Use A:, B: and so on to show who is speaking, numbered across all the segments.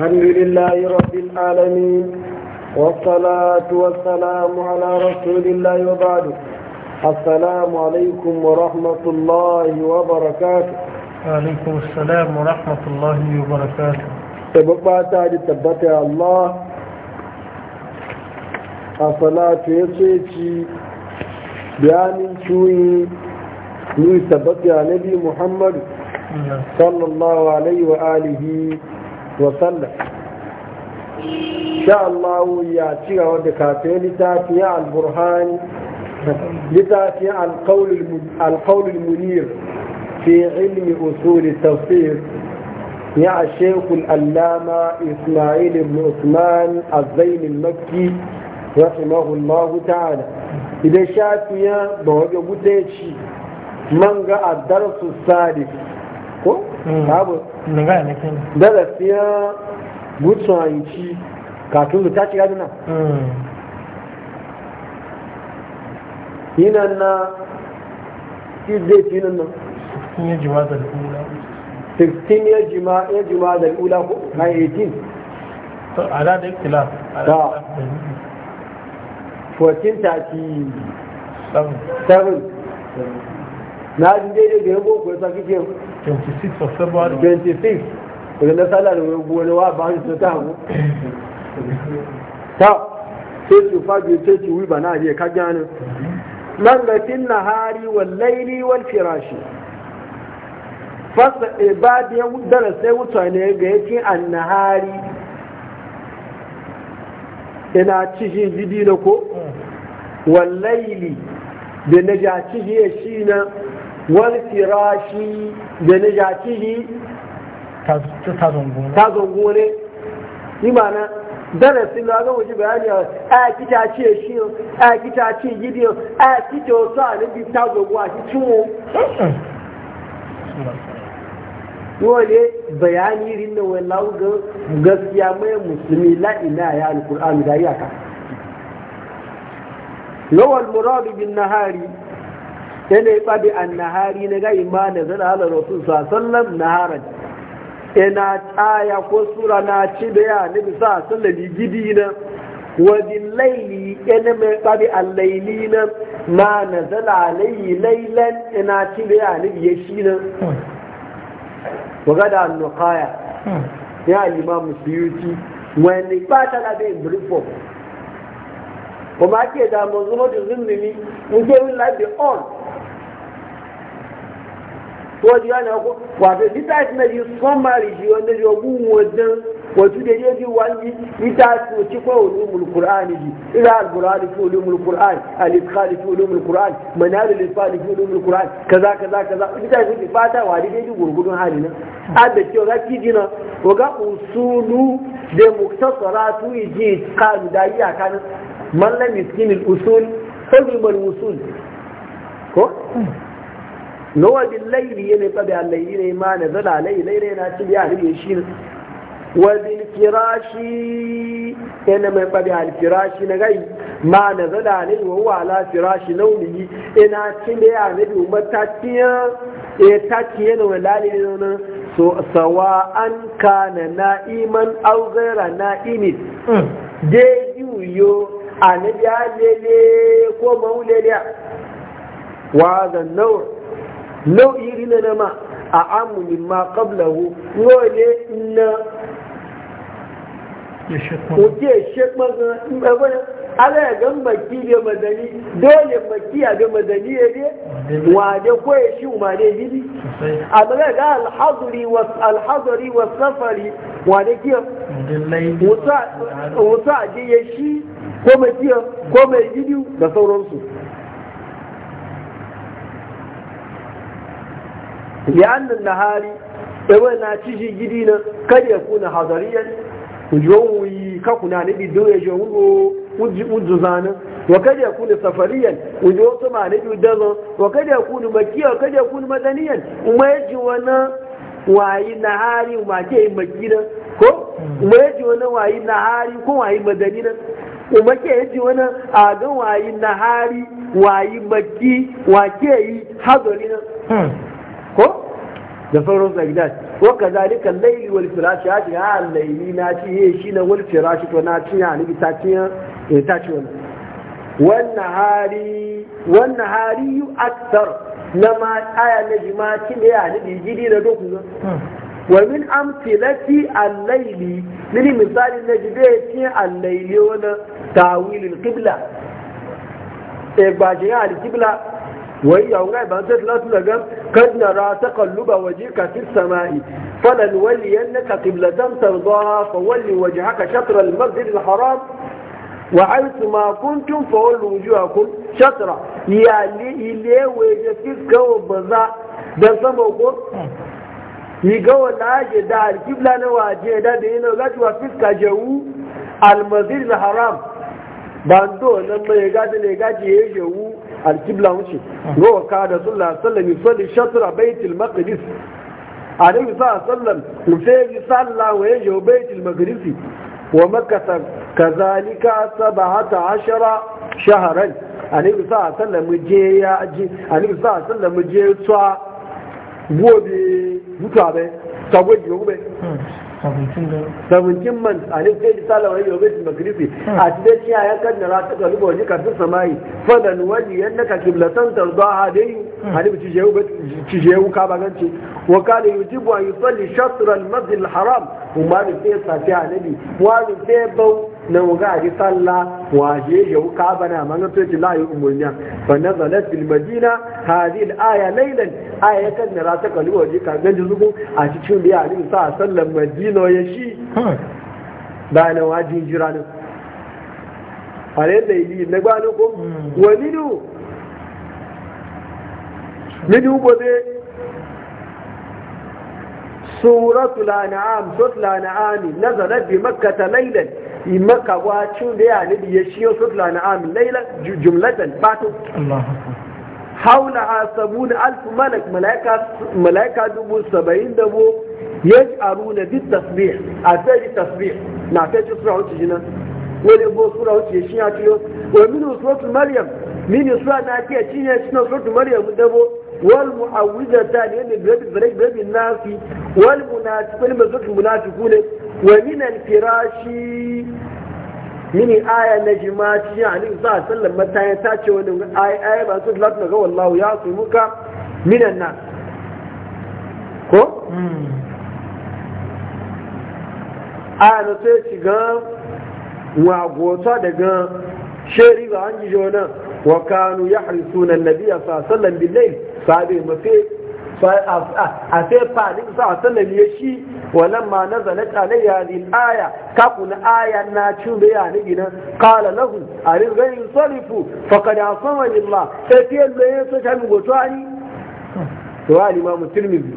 A: الحمد لله رب العالمين والصلاة والسلام على رسول الله وبعد السلام عليكم ورحمة الله وبركاته وعليكم السلام ورحمة الله وبركاته تبقى تعالي تبقى الله الصلاة يسيتي بيان شوي نوي تبتع نبي محمد نعم. صلى الله عليه وآله وسلم wasallam sha Allah ya ci gaba da kafin littafiya al-burhani littafiya al-qaulul munir fi ilmi usul tafsir يا الشيخ الألامة إسماعيل بن عثمان الزين المكي رحمه الله تعالى إذا يا بوجه بوتيشي من الدرس السادس Mm. babu da gaskiya a yi ci katun da ta shiga duna yinan mm. na izai fi nan 16 ya jima da ula 16 ya jima da ko 18 ala da ikhtilaf ala 14 ta 7 na jin daidai kike 26 of wani wa ba ta hagu ta sai sai wi bana ajiye ka nan ga nahari wal laili firashi fasa ibadi e dara sai ne ga yake an hari. ina e cikin jidi na ko mm. wal laili da na ja cikin shi na wani firashi da na jakiri ta zongo ne imana darasin na ga waje bayani a a kita ce shi a kita ce gidi a kita wasu a nabi ta zongo a shi tumo dole bayani irin na wani lauga gaskiya mai musulmi la'ina ya alkur'ani da iyaka lawal muradu bin nahari yana yi ɓabi an nahari na ga ima na zana halar rasu sa sallam naharan ina e tsaya ko sura na ci da ya nabi sa sallam gidi na wajin laili yana e mai ɓabi an laili na ma e na zana alayi lailan ina ci da ya nabi ya shi na wagada an nukaya ya ma suyuti wani ɓata labin brifo kuma ake da mazumo da zulmini ke wula da on ko ji yana ko wato littafi na yi somari ji wanda ya gun wajen wato da yaji wani littafi ci ko ulumul qur'ani ji ila al-qur'ani fi ulumul qur'ani al-idkhali fi ulumul qur'ani manar al-ifali fi ulumul qur'ani kaza kaza kaza littafi ne fata wani da yaji gurgudun hali nan adda ce ga kiji na ko ga usulu da muktasaratu ji kan da iya kan man lam usul fa bil usul ko nawa bin laili yana fa da laili ne ma na zala laili laili na ci ya ne shi wa bin firashi yana mai fa da firashi na gai ma na zala laili wa wa ala firashi nauni ina ci ne ya ne bi matatiya e takiye wa walali ne so an kana na'iman aw ghayra na'imin dai yuyo ya lele ko maulele wa zan nawr nau'i rina na ma a amu min ma qablahu wole na oke shekmaga ɗabar ala ya gan maki da madani dole maki a da madani ya ne wade ko ya shi umare gidi a daga ga alhazari wa safari wade kiya wuta a ya shi ko mai ko mai gidi da sauransu na hari, ewe na ci shi gidi na kada ku na hazariyan ujon wuyi ka kuna ne bidu ya jo wugo ujo zanan wa kada ya kuna safariyan ujo wasu ma ne bidu dazan wa kada ya kuna makiya wa kada ya kuna madaniyan kuma ya ji wani wayi nahari ma ke yi makina ko kuma hmm. ya ji wani wayi nahari ko wayi madaniyan kuma ke yi ji wani agan wayi nahari wayi maki wa ke yi hazariyan hmm. ko da sauran zagidat wa kazalika laili wal firashi ya ce ha laili na ci he shi na wal firashi to na ci ya ni ta ci eh ta ci wannan hari wannan hari akthar na ma aya na jima ci ne ya ni gidi da doku hmm. wa min amthilati al-layli ni misali na jibe ci al laili wala tawil al-qibla e eh, ya al-qibla wai yawon ga ba ta tilatu daga قد نرى تقلب وجهك في السماء فلنولينك قبلة ترضاها فول وجهك شطر المسجد الحرام وحيث ما كنتم فولوا وجوهكم شطرة يعني إليه ويجفزك وبزاء ده سموكم يقول لها ده الكبلة نواجه ده ده إنه لجوة فزك جو المسجد الحرام باندو لما يقاتل يقاتل يجو alkibla wuce wa ka da sallah sallam yusalli shatra baitul maqdis alaihi sallam musayi sallah wa yajo baitul maqdis wa makka kazalika sab'ata ashara shahran alaihi sallam je ya ji alaihi sallam je tsa gobe mutabe sabo gobe hmm. sabuncin man alif yi tsala wani yobe su magrifi a cikin ciya ya kan rata ta lubo wani kafin samayi fadan wani yadda ka kiblatan tarzo a dai alif ci jehu ka baganci wa kana yujibu yi jibuwa yi tsalli masjid al haram kuma da sai safi a nabi wani da bau na wuga a ji sallah waje ya wuka bana man to ji la yi umurniya fa nazalat bil madina hadhihi al aya laylan aya kan na ta kalu waje ka ji zugu a cikin biya ali sa sallan madina ya shi ba na waje jira ne ale da yi na gba ko hmm. wani ne mini ubo dai سورة الأنعام سورة الأنعام نزلت بمكة ليلا wa cin da ya nabi ya shi yau sutula na amin laila jumlatan batu haula a sabuni alfu malak malaika dubu saba'in da bu ya aru na duk tasbih a sai tasbih na sai ci sura wuce jinan wani bo sura wuce shi ya ciyo wa minu sotu maryam minu sura na ke cinye shi na suratul maryam dabo والمعوذتان يعني برب برب برب الناس والمنافقين مزوك المنافقون ومن الفراش من آية نجمات يعني صلى الله عليه وسلم متى يتاتي آية آية ما تقول لك والله يعصمك من الناس كو آية نتاتي قام وعقوطة دقام شيري وعنجي جونا وكانوا يحرسون النبي صلى الله عليه وسلم بالليل صحابي مفيه a sai fa ni sa sallam ya shi walamma nazalat alayya hadhihi al-aya ka kuna aya na cin da ya ni ginan kala lahu arin ghayr sarifu faqad asama lillah sai e fiye da ya so ta mi goto ani to wa al-imam tirmidhi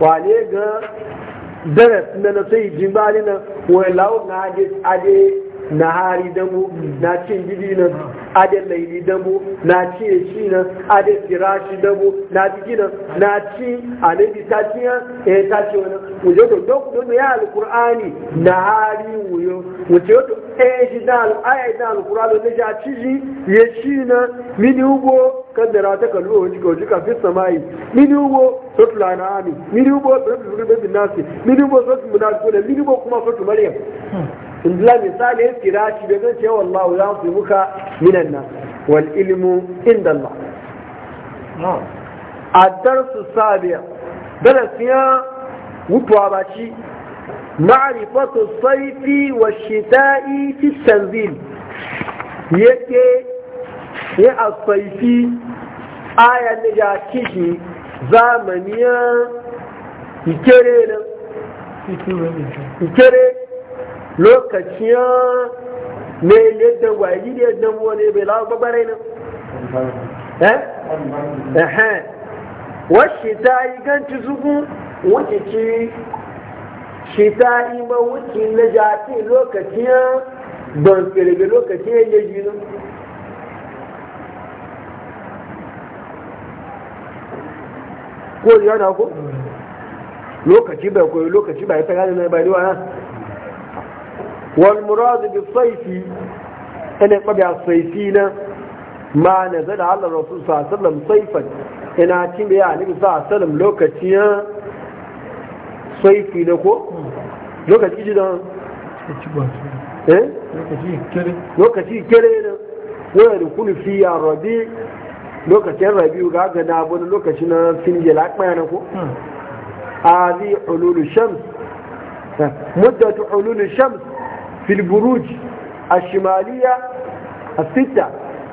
A: wa ne ga darasi na na sai jimbali na wai lawo na aje na hari damu na cin gidi nan ah. adin laili damu na ciye shi nan adin firashi damu na jiki nan na ci alabi ta ci ya eh ta ci wani wuje to dok don ya alkur'ani na hari wuyo wuje to eh shi da alaya da alkur'ani da ja ci ji ya shi nan mini ugo da rata kallo wani ka jika fi samayi mini ugo sotu lana ami mini ugo sotla na nasi mini ugo sotla na kuma kuma sotu maryam hmm. in zuwa misali ya kira shi da zai ce wallahu ya fi muka minan nan wal ilmu inda Allah a darsu sabiya darasiya mutuwa ba shi ma'rifatu saifi wa shita'i fi tanzil yake ya asaifi aya ne ya kishi zamaniya ikere nan ikere lokacin ne yadda gwaji da yadda wani bai lawa babbarai ne eh wasu ta yi ganci zuku wuce ci shi ta yi ma wuce na jafi lokacin ban kirga lokacin yadda yi nan ko yana ko mm. lokaci bai koyo lokaci bai ta gane na bai riwa والمراد بالصيف أنا قبع الصيفين ما نزل على الرسول صلى الله عليه وسلم صيفا أنا أتيم يا النبي صلى الله عليه وسلم لو كتيا صيفي لكو لو كتيا جدا إيه لو كتيا كرينا ويكون في الربيع لو كتيا الربيع قاعد نابون لو كتيا سنجل أكما أنا كو هذه حلول الشمس مدة حلول الشمس في البروج الشمالية الستة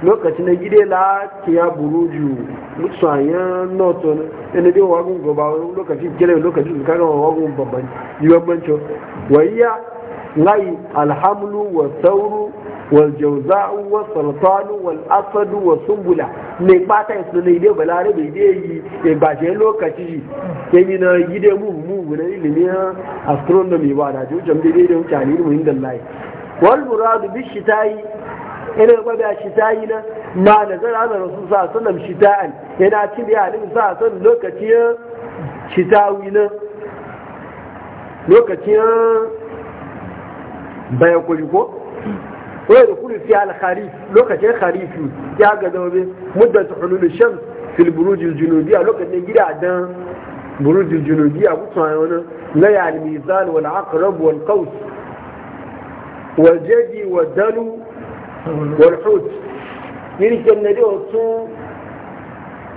A: lokaci na gide la ya buruju mutsayen noto yana dai wagun gaba wani lokaci kira lokacin su kaga wagun babban yiwuwan banco wayya layi alhamlu wa sauru والجوزاء والسلطان والأسد والسنبلة ne fata ya suna ide balare bai ide yi ya bashe lokaci shi ya yi na yi da mu mu na ilimin astronomy ba da jujan da da wuce ne mu inda lai wal muradu bi shitayi ina ba da shitayi na ma nazara da rasul sa sallam shita'an yana cin da alim sa san lokacin ko wai da kudu fi alkhari lokacin kharifi ya ga zaube muddar ta hululu shan fil burujin junubiya lokacin gida dan burujin junubiya kusa wani na ya almizan wal aqrab wal qaus wal jadi wal dalu wal hut yirken na dio tun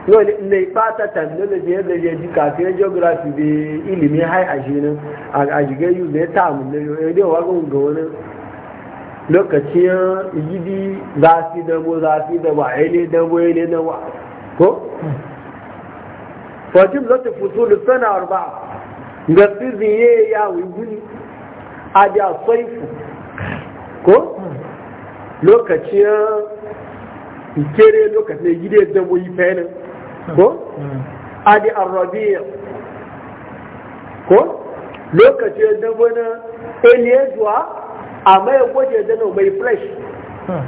A: wani ne bata tambaye da je da je kafin geography da ilimi hai a shi nan a shigar yuzu ya tamu da yau ya dio wagon ga wani lokacin gidi zafi dabo zafi dabo aile yi aile dabo ko? fatim ta fito da sana arba ga tsiziye ya wiguni a da saifu ko? lokacin kere lokacin gidi dabo yi fainan ko? a da arrabiya ko? lokacin dabo na eliyazuwa amma ya kwaje da mai fresh hmm.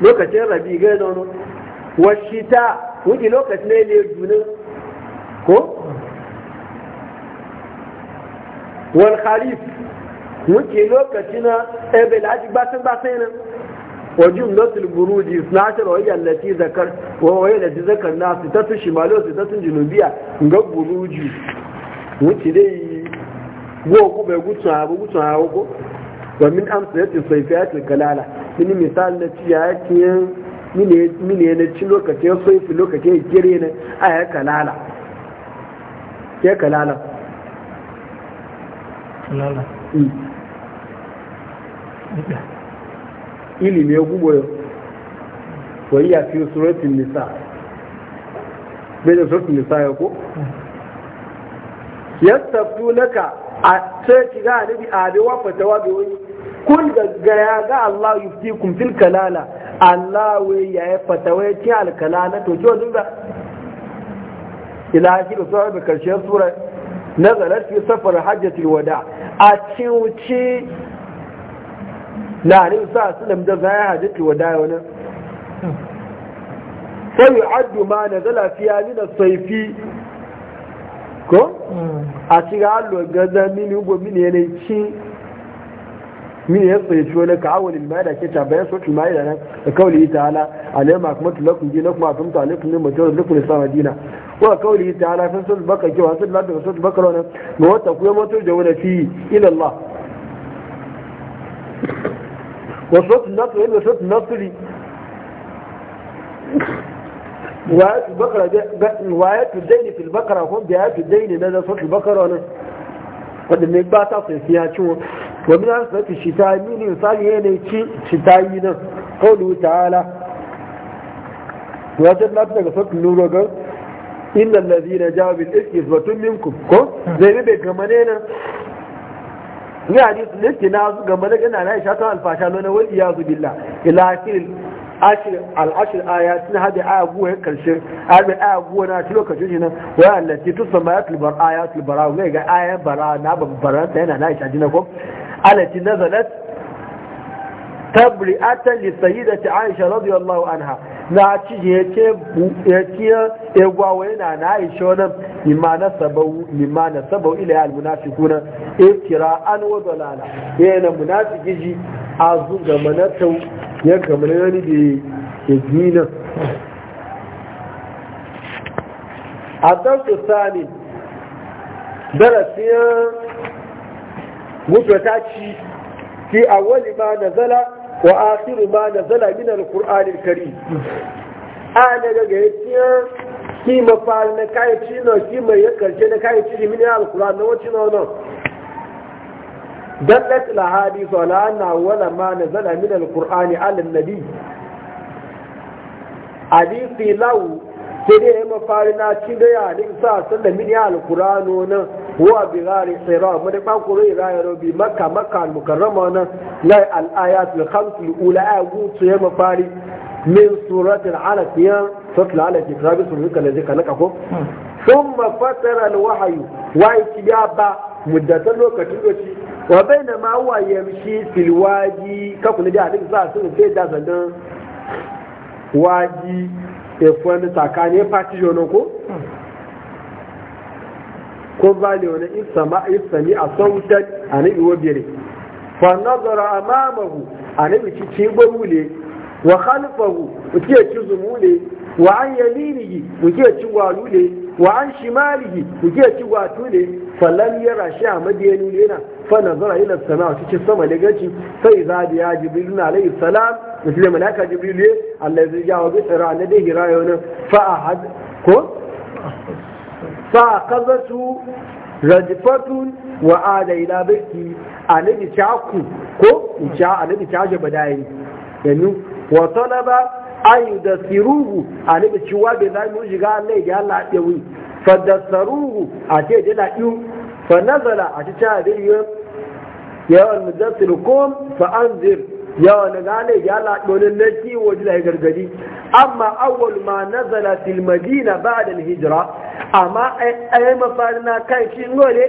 A: lokacin rabi ga da wani washita wuce lokacin ne ne junin ko wal kharif wuce lokacin na ebe eh, laji basin basin nan wajin lotul buruji snatar wajen allati zakar wajen allati zakar na su ta su shimalo sun jinubiya ga buruji wuce dai gogu bai gutsun abu gutsun abu ko domin amsa yadda sai fiya ce kalala mini misali na ci ya ke mini na ci lokacin sai fi lokacin kire ne a ya kalala ke kalala kalala hmm. ilimi ya gubo yau wani ya fi suratun nisa bai da suratun nisa ya ko hmm. yastaftu naka a sai ki ga anabi a bai wa fatawa wani kun ga ya ga Allah yufti kun fil kalala Allah wai ya yi fatawai ci alkalala to wajen dinga ila shi da sauran da karshen sura zarar fi safar hajjatul wada a ciwuci na harin sa su da zai hajjatul wada wani sai addu ma zala fi ya nuna saifi ko hmm. a cikin allo gaza mini ugo mini yanayi من يصيح لك عول المال كتاب يسوت المال أنا كقوله تعالى عليهم أكملت لكم دينكم أعطمت عليكم من مجرد لكم الإسلام دينا وقوله تعالى فنسوا البقى جوا هنسوا البقى وصوا البقى لنا موتقوا وترجون فيه إلى الله وصوت النصر إيه إلا صوت النصر وآيات البقرة وآيات الدين في البقرة هم بآيات الدين ماذا صوت البقرة أنا قد من بعد تصل فيها شو wa min asfati shitami ne misali yanayi ci shitayi nan qawlu ta'ala ya ce lafi daga sautin ga inna allazina ja'a bil ifki isbatun minkum ko zai bai gamane nan ya hadisi ne ke na su Aisha ta alfasha na wal iyazu billah ila al'ashir aya sun haɗe aya guwa karshe arbe aya guwa na shi lokacin shi nan wani allaci tun sama ya tulbar aya tulbara wani ga aya bara na ta yana na ishaji na ko allaci na zalat tabri'atan li ta aisha radiyallahu anha na ci ya ce ya ci ya gwawa yana na wani nima na sabau na sabau ila almunafiquna iftira an wadalala yana munafi gizi a zuga manatau ya kamar yani da ya gina a su sami darasiyan mutuwa ci fi awali ma na zala wa asiru ma na zala min alkur'anin kari a daga gaisiyar kima fa na kayaci na kima ya karshe na kayaci min alkur'an na wacce na wannan دلت الأحاديث على أن أول ما نزل من القرآن على النبي حديثي لو سيدي إما فارنا تشيدي عليه صلى الله من القرآن هنا هو بغار حراء من ما قرأي رأي ربي مكة مكة المكرمة هنا لا الآيات الخمس الأولى أقول سيما فاري من سورة العلق يا سورة العلق يقرأ بسورة الذي كانك أخو ثم فتر الوحي وإتباع مدة لوكتي wa bai na ma wa yamshi filwaji kuna da hadin za sun rufe da zanen waji efuwa da tsakanin fati jonon ko ko ba ne wani isami a sautar a na iwo biyar fa nazara amamahu a na cikin ci gwamule wa khalfahu muke ci zumule wa an yaminihi muke ci gwalule wa an shimalihi muke ci gwatule falan yara shi a madiyanu ne na fa nazara ila sama cikin sama da gaci sai za da ya jibril na alayhi salam musulmi malaka jibril ya Allah zai ja wa bitsira na da hira yau fa ahad ko fa qazatu rajfatun wa ada ila baiti anabi chaku ko cha anabi chaje badai yanzu wa talaba ayu da siruhu anabi ciwa bai zai mu shiga Allah ya Allah fa da fadasaruhu a ce da la'in fa nazala a ci ta da يا المدثر قوم فأنذر يا نغالي يا لا دولن نكي وجلا غرغدي أما أول ما نزلت المدينة بعد الهجرة أما أي مفارنا كاي شي نولي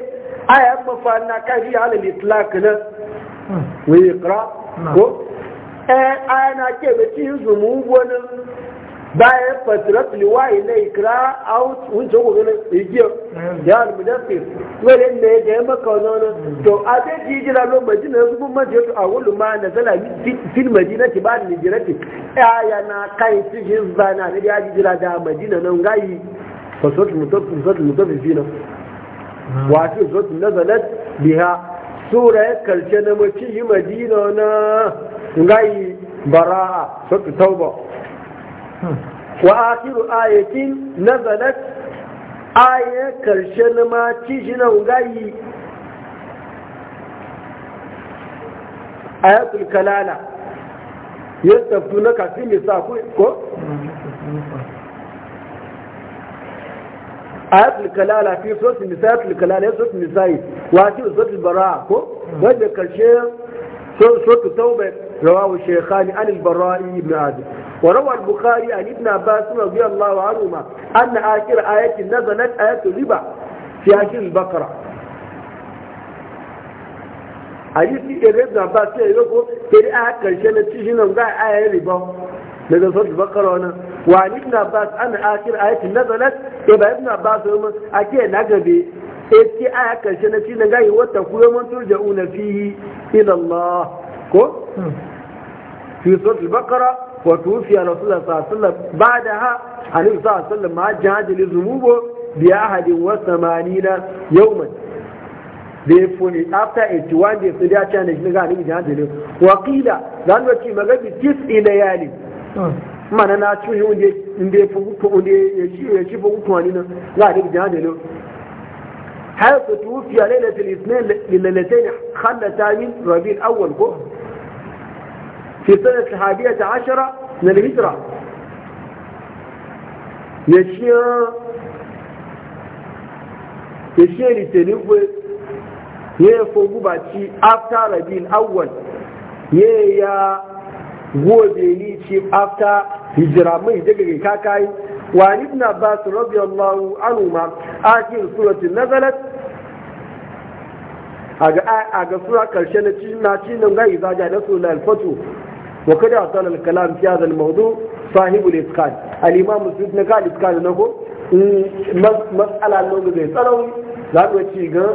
A: أي مفارنا كاي على الإطلاق نعم. ويقرأ نعم. أنا كيف تيزمو ونم bayan fasirat liwayi na ikira a wucin kogonin igiyar ya almudafi wani da ya gaya maka wani wani to a zai ji jira lo majina yanzu kun majiya to a wulu ma na zala fil majina ti ba ni jira ti ya na kai su shi ba na ne ya ji jira da majina nan gayi fasirat mutafi fina wato suratul nazalat biha sura ya karshe na mace yi madina na gayi bara'a suratul tauba wa akiru ayatin nazalat aya karshe na ma ci shi na ungayi ayatul kalala ya tafi na kafin nisa ko? ayatul kalala fi sosin nisa ayatul kalala ya sosin nisa yi wa akiru sosin bara ko? wadda karshe sotu taubai رواه الشيخان عن البراء بن عازم وروى البخاري عن ابن عباس رضي الله عنهما أن آخر آية نزلت آية الربا في آخر البقرة حديث ابن عباس يقول تري آخر شيء نتيجين أن قال آية الربا نزل صوت البقرة هنا وعن ابن عباس أن آخر آية نزلت إبا ابن عباس يقول أكيد نقبي إذ كي آخر آية شيء نتيجين أن قال هو التفوير من ترجعون فيه إلى الله ko hmm. fi suratul baqara wa tufiya rasulullah sallallahu alaihi wasallam ba'daha annabi sallallahu alaihi wasallam ma jahadil zumubo bi ahadin wa samanina yawman funi after 81 sai ya ce ne ga annabi jahadil wa qila dan wace magabi tis'i yali hmm. mana na cuyi ne inda ya fi ya ci ya fi hutu wani nan a daga jihadin har su tuwufi a lailatul ne hallata awwal ko في السنة الحادية عشرة من الهجرة يشيا يشيا لتنوي يفوق باتي after ربيع الأول يا gobe ni ce after hijira mai daga ga kakai wa ibn abbas radiyallahu anhu ma akhir surati nazalat aga aga sura karshe na cikin na cikin ga izaja da sulal fatu وقد أطال الكلام في هذا الموضوع صاحب الإتقان الإمام مسلم نقال الإتقان نقول مسألة نقول زي سنوي لأنه تيغا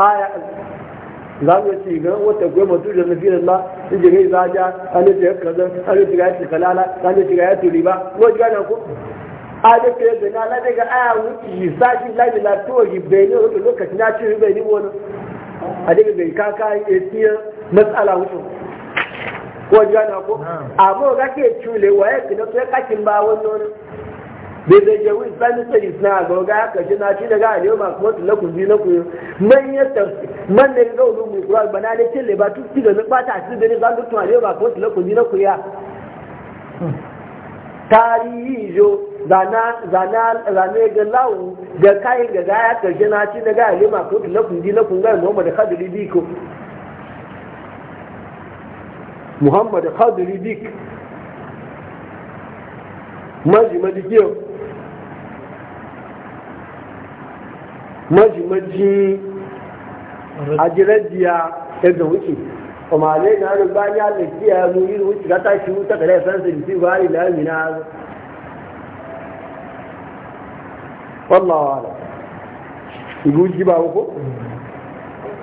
A: آية لأنه تيغا وتقوى مدوجة نفير الله تجي إذا جاء أنا تيغا كذا أنا تيغا يتخلالة أنا تيغا يتوليبا وجاء نقول ada ke da na lade ga aya wuci sashi lade la to yi bayani wato lokacin ya ci bayani wani a daga bai kaka ya tiya matsala wucin ko ji gane ko amma ga ke cule waye kina to kakin ba wani bai zai jawo islamic studies na ga ga ka ji na shi daga aliyu ma kuma tun lakun ji na ku man ya tafsi man ne ga ulu mu kuran bana ne cin leba tu ci gani zan bata shi da ne zan dukkan aliyu ma kuma tun lakun ji na ya tarihi jo zana zana zane ga lawu da kai ga ga ya ka na shi daga aliyu ma kuma tun lakun ji na ku ga Muhammad Khadiri Biko muhammad khadiri dik maji maji kiyo maji maji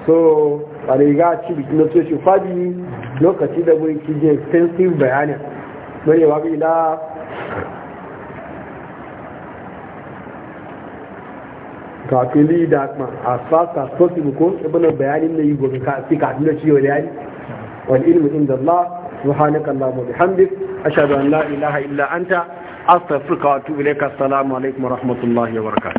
A: so a riga ci bikin na soci fadi lokaci da mun ki extensive bayanin mai wa ila kafin da kuma as fast as possible ko bayanin ne yi gobe ka ci kafin da ci bayani wal ilmu inda Allah subhanaka Allahumma a ashhadu an la ilaha illa anta astaghfiruka wa atubu ilaik assalamu alaikum wa rahmatullahi wa barakatuh